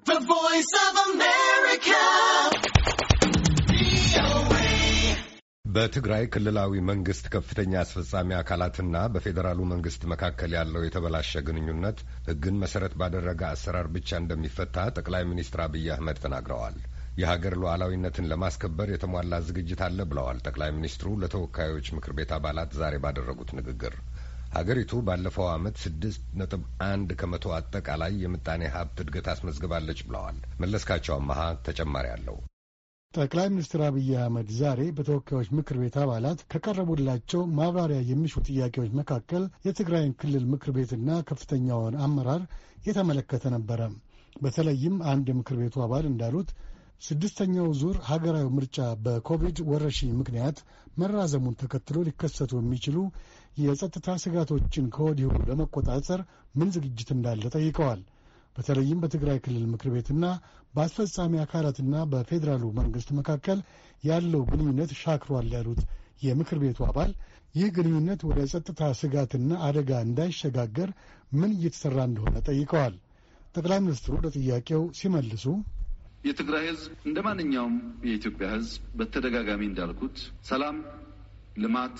The Voice of America. በትግራይ ክልላዊ መንግስት ከፍተኛ አስፈጻሚ አካላትና በፌዴራሉ መንግስት መካከል ያለው የተበላሸ ግንኙነት ሕግን መሰረት ባደረገ አሰራር ብቻ እንደሚፈታ ጠቅላይ ሚኒስትር አብይ አህመድ ተናግረዋል። የሀገር ሉዓላዊነትን ለማስከበር የተሟላ ዝግጅት አለ ብለዋል ጠቅላይ ሚኒስትሩ ለተወካዮች ምክር ቤት አባላት ዛሬ ባደረጉት ንግግር። ሀገሪቱ ባለፈው ዓመት ስድስት ነጥብ አንድ ከመቶ አጠቃላይ የምጣኔ ሀብት እድገት አስመዝግባለች ብለዋል። መለስካቸው አመሃ ተጨማሪ አለው። ጠቅላይ ሚኒስትር አብይ አህመድ ዛሬ በተወካዮች ምክር ቤት አባላት ከቀረቡላቸው ማብራሪያ የሚሹ ጥያቄዎች መካከል የትግራይን ክልል ምክር ቤትና ከፍተኛውን አመራር የተመለከተ ነበረ። በተለይም አንድ የምክር ቤቱ አባል እንዳሉት ስድስተኛው ዙር ሀገራዊ ምርጫ በኮቪድ ወረርሽኝ ምክንያት መራዘሙን ተከትሎ ሊከሰቱ የሚችሉ የጸጥታ ስጋቶችን ከወዲሁ ለመቆጣጠር ምን ዝግጅት እንዳለ ጠይቀዋል። በተለይም በትግራይ ክልል ምክር ቤትና በአስፈጻሚ አካላትና በፌዴራሉ መንግስት መካከል ያለው ግንኙነት ሻክሯል ያሉት የምክር ቤቱ አባል ይህ ግንኙነት ወደ ጸጥታ ስጋትና አደጋ እንዳይሸጋገር ምን እየተሰራ እንደሆነ ጠይቀዋል። ጠቅላይ ሚኒስትሩ ለጥያቄው ሲመልሱ የትግራይ ህዝብ እንደ ማንኛውም የኢትዮጵያ ህዝብ በተደጋጋሚ እንዳልኩት ሰላም፣ ልማት፣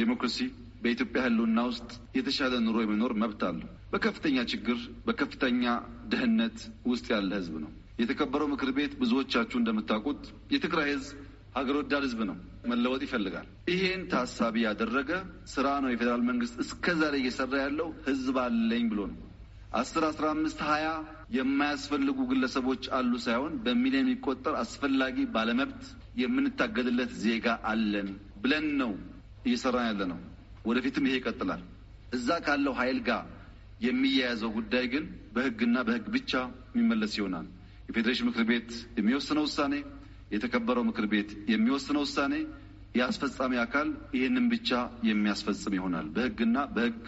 ዴሞክራሲ በኢትዮጵያ ህልውና ውስጥ የተሻለ ኑሮ የመኖር መብት አለው። በከፍተኛ ችግር በከፍተኛ ድህነት ውስጥ ያለ ህዝብ ነው። የተከበረው ምክር ቤት ብዙዎቻችሁ እንደምታውቁት የትግራይ ህዝብ ሀገር ወዳድ ህዝብ ነው። መለወጥ ይፈልጋል። ይሄን ታሳቢ ያደረገ ስራ ነው የፌዴራል መንግስት እስከዛሬ እየሰራ ያለው ህዝብ አለኝ ብሎ ነው። አስር አስራ አምስት ሀያ የማያስፈልጉ ግለሰቦች አሉ ሳይሆን በሚሊዮን የሚቆጠር አስፈላጊ ባለመብት የምንታገድለት ዜጋ አለን ብለን ነው እየሰራን ያለ ነው። ወደፊትም ይሄ ይቀጥላል። እዛ ካለው ኃይል ጋር የሚያያዘው ጉዳይ ግን በህግና በህግ ብቻ የሚመለስ ይሆናል። የፌዴሬሽን ምክር ቤት የሚወስነው ውሳኔ፣ የተከበረው ምክር ቤት የሚወስነው ውሳኔ፣ የአስፈጻሚ አካል ይህንን ብቻ የሚያስፈጽም ይሆናል። በህግና በህግ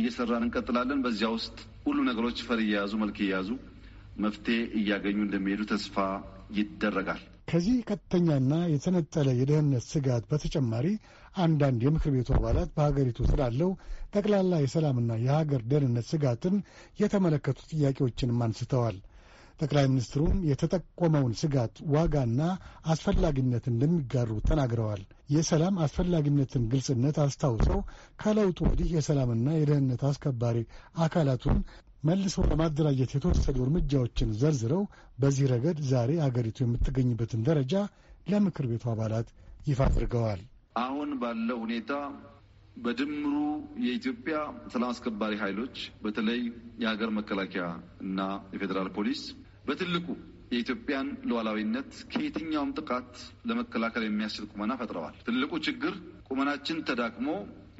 እየሰራን እንቀጥላለን። በዚያ ውስጥ ሁሉ ነገሮች ፈር እየያዙ መልክ እየያዙ መፍትሄ እያገኙ እንደሚሄዱ ተስፋ ይደረጋል። ከዚህ ቀጥተኛና የተነጠለ የደህንነት ስጋት በተጨማሪ አንዳንድ የምክር ቤቱ አባላት በሀገሪቱ ስላለው ጠቅላላ የሰላምና የሀገር ደህንነት ስጋትን የተመለከቱ ጥያቄዎችንም አንስተዋል። ጠቅላይ ሚኒስትሩም የተጠቆመውን ስጋት ዋጋና አስፈላጊነት እንደሚጋሩ ተናግረዋል። የሰላም አስፈላጊነትን ግልጽነት አስታውሰው ከለውጡ ወዲህ የሰላምና የደህንነት አስከባሪ አካላቱን መልሶ ለማደራጀት የተወሰዱ እርምጃዎችን ዘርዝረው በዚህ ረገድ ዛሬ አገሪቱ የምትገኝበትን ደረጃ ለምክር ቤቱ አባላት ይፋ አድርገዋል። አሁን ባለው ሁኔታ በድምሩ የኢትዮጵያ ሰላም አስከባሪ ኃይሎች በተለይ የሀገር መከላከያ እና የፌዴራል ፖሊስ በትልቁ የኢትዮጵያን ሉዓላዊነት ከየትኛውም ጥቃት ለመከላከል የሚያስችል ቁመና ፈጥረዋል። ትልቁ ችግር ቁመናችን ተዳክሞ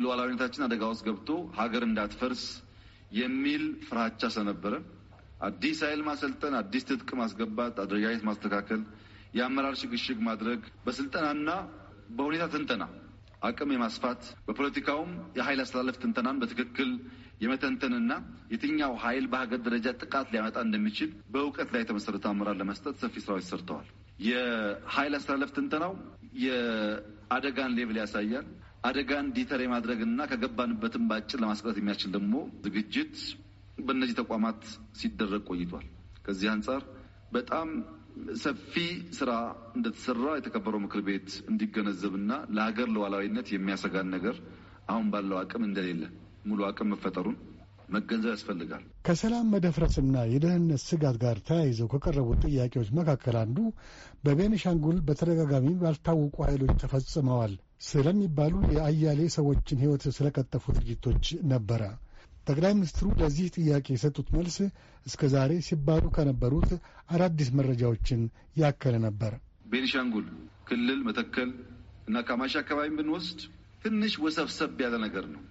ሉዓላዊነታችን አደጋ ውስጥ ገብቶ ሀገር እንዳትፈርስ የሚል ፍራቻ ስለነበረ አዲስ ኃይል ማሰልጠን፣ አዲስ ትጥቅ ማስገባት፣ አደረጃጀት ማስተካከል፣ የአመራር ሽግሽግ ማድረግ፣ በስልጠናና በሁኔታ ትንተና አቅም የማስፋት በፖለቲካውም የኃይል አስተላለፍ ትንተናን በትክክል የመተንተንና የትኛው ኃይል በሀገር ደረጃ ጥቃት ሊያመጣ እንደሚችል በእውቀት ላይ የተመሰረተ አመራር ለመስጠት ሰፊ ስራዎች ሰርተዋል። የኃይል አስተላለፍ ትንተናው የአደጋን ሌብል ያሳያል። አደጋን ዲተር የማድረግና ከገባንበትም በአጭር ለማስቀረት የሚያስችል ደግሞ ዝግጅት በእነዚህ ተቋማት ሲደረግ ቆይቷል። ከዚህ አንጻር በጣም ሰፊ ስራ እንደተሰራ የተከበረው ምክር ቤት እንዲገነዘብና ለሀገር ሉዓላዊነት የሚያሰጋን ነገር አሁን ባለው አቅም እንደሌለ ሙሉ አቅም መፈጠሩን መገንዘብ ያስፈልጋል። ከሰላም መደፍረስና የደህንነት ስጋት ጋር ተያይዘው ከቀረቡት ጥያቄዎች መካከል አንዱ በቤኒሻንጉል በተደጋጋሚ ባልታወቁ ኃይሎች ተፈጽመዋል ስለሚባሉ የአያሌ ሰዎችን ሕይወት ስለቀጠፉ ድርጊቶች ነበረ። ጠቅላይ ሚኒስትሩ ለዚህ ጥያቄ የሰጡት መልስ እስከ ዛሬ ሲባሉ ከነበሩት አዳዲስ መረጃዎችን ያከለ ነበር። ቤኒሻንጉል ክልል መተከል እና ካማሺ አካባቢ ብንወስድ ትንሽ ወሰብሰብ ያለ ነገር ነው።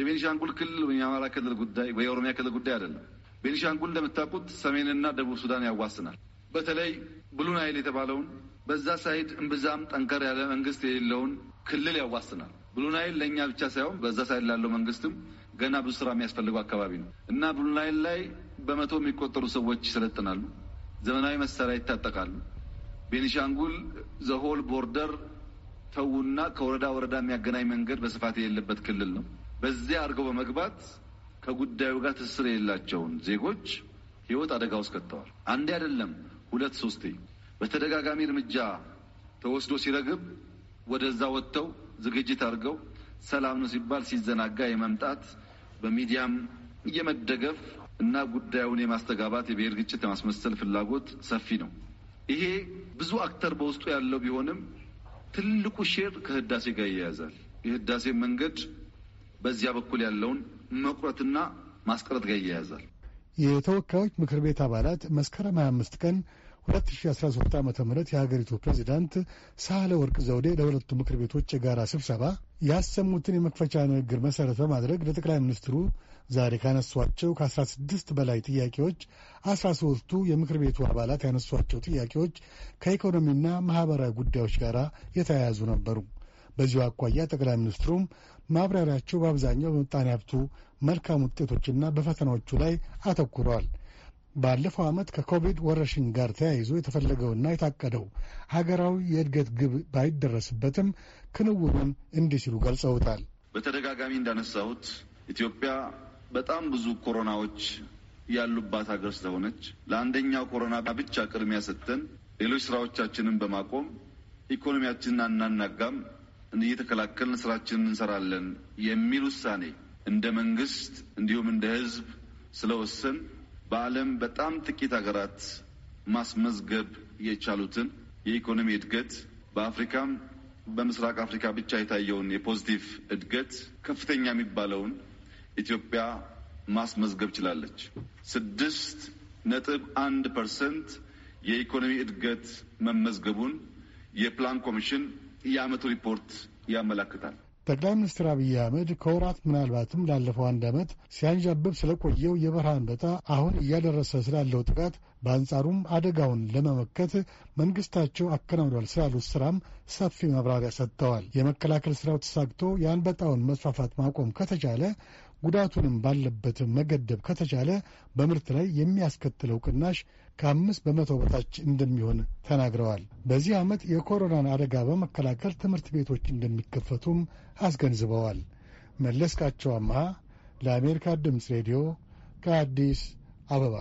የቤኒሻንጉል ክልል ወይ የአማራ ክልል ጉዳይ ወይ የኦሮሚያ ክልል ጉዳይ አይደለም። ቤኒሻንጉል እንደምታውቁት ሰሜንና ደቡብ ሱዳን ያዋስናል። በተለይ ብሉ ናይል የተባለውን በዛ ሳይድ እምብዛም ጠንከር ያለ መንግስት የሌለውን ክልል ያዋስናል። ብሉ ናይል ለእኛ ብቻ ሳይሆን በዛ ሳይድ ላለው መንግስትም ገና ብዙ ስራ የሚያስፈልገው አካባቢ ነው እና ብሉ ናይል ላይ በመቶ የሚቆጠሩ ሰዎች ይሰለጥናሉ። ዘመናዊ መሳሪያ ይታጠቃሉ። ቤኒሻንጉል ዘሆል ቦርደር ተዉና ከወረዳ ወረዳ የሚያገናኝ መንገድ በስፋት የሌለበት ክልል ነው። በዚያ አድርገው በመግባት ከጉዳዩ ጋር ትስስር የሌላቸውን ዜጎች ህይወት አደጋ ውስጥ ከተዋል። አንዴ አይደለም ሁለት ሶስቴ በተደጋጋሚ እርምጃ ተወስዶ ሲረግብ ወደዛ ወጥተው ዝግጅት አድርገው ሰላም ነው ሲባል ሲዘናጋ የመምጣት በሚዲያም የመደገፍ እና ጉዳዩን የማስተጋባት የብሔር ግጭት የማስመሰል ፍላጎት ሰፊ ነው። ይሄ ብዙ አክተር በውስጡ ያለው ቢሆንም ትልቁ ሼር ከህዳሴ ጋር ይያያዛል። የህዳሴ መንገድ በዚያ በኩል ያለውን መቁረጥና ማስቀረት ጋር ይያያዛል። የተወካዮች ምክር ቤት አባላት መስከረም 25 ቀን 2013 ዓ ም የሀገሪቱ ፕሬዚዳንት ሳህለ ወርቅ ዘውዴ ለሁለቱ ምክር ቤቶች የጋራ ስብሰባ ያሰሙትን የመክፈቻ ንግግር መሠረት በማድረግ ለጠቅላይ ሚኒስትሩ ዛሬ ካነሷቸው ከ16 በላይ ጥያቄዎች 13ቱ የምክር ቤቱ አባላት ያነሷቸው ጥያቄዎች ከኢኮኖሚና ማኅበራዊ ጉዳዮች ጋር የተያያዙ ነበሩ። በዚሁ አኳያ ጠቅላይ ሚኒስትሩም ማብራሪያቸው በአብዛኛው በምጣኔ ሀብቱ መልካም ውጤቶችና በፈተናዎቹ ላይ አተኩረዋል። ባለፈው ዓመት ከኮቪድ ወረርሽኝ ጋር ተያይዞ የተፈለገውና የታቀደው ሀገራዊ የእድገት ግብ ባይደረስበትም ክንውኑን እንዲህ ሲሉ ገልጸውታል። በተደጋጋሚ እንዳነሳሁት ኢትዮጵያ በጣም ብዙ ኮሮናዎች ያሉባት ሀገር ስለሆነች ለአንደኛው ኮሮና ብቻ ቅድሚያ ሰጥተን ሌሎች ስራዎቻችንን በማቆም ኢኮኖሚያችንን አናናጋም እየተከላከልን ስራችንን እንሰራለን የሚል ውሳኔ እንደ መንግስት እንዲሁም እንደ ህዝብ ስለወሰን በዓለም በጣም ጥቂት ሀገራት ማስመዝገብ የቻሉትን የኢኮኖሚ እድገት በአፍሪካም በምስራቅ አፍሪካ ብቻ የታየውን የፖዚቲቭ እድገት ከፍተኛ የሚባለውን ኢትዮጵያ ማስመዝገብ ችላለች። ስድስት ነጥብ አንድ ፐርሰንት የኢኮኖሚ እድገት መመዝገቡን የፕላን ኮሚሽን የዓመቱ ሪፖርት ያመላክታል። ጠቅላይ ሚኒስትር አብይ አህመድ ከወራት ምናልባትም ላለፈው አንድ ዓመት ሲያንዣብብ ስለቆየው የበረሃ አንበጣ አሁን እያደረሰ ስላለው ጥቃት፣ በአንጻሩም አደጋውን ለመመከት መንግስታቸው አከናውኗል ስላሉት ስራም ሰፊ ማብራሪያ ሰጥተዋል። የመከላከል ስራው ተሳግቶ የአንበጣውን መስፋፋት ማቆም ከተቻለ ጉዳቱንም ባለበት መገደብ ከተቻለ በምርት ላይ የሚያስከትለው ቅናሽ ከአምስት በመቶ በታች እንደሚሆን ተናግረዋል። በዚህ ዓመት የኮሮናን አደጋ በመከላከል ትምህርት ቤቶች እንደሚከፈቱም አስገንዝበዋል። መለስካቸው አምሃ ለአሜሪካ ድምፅ ሬዲዮ ከአዲስ አበባ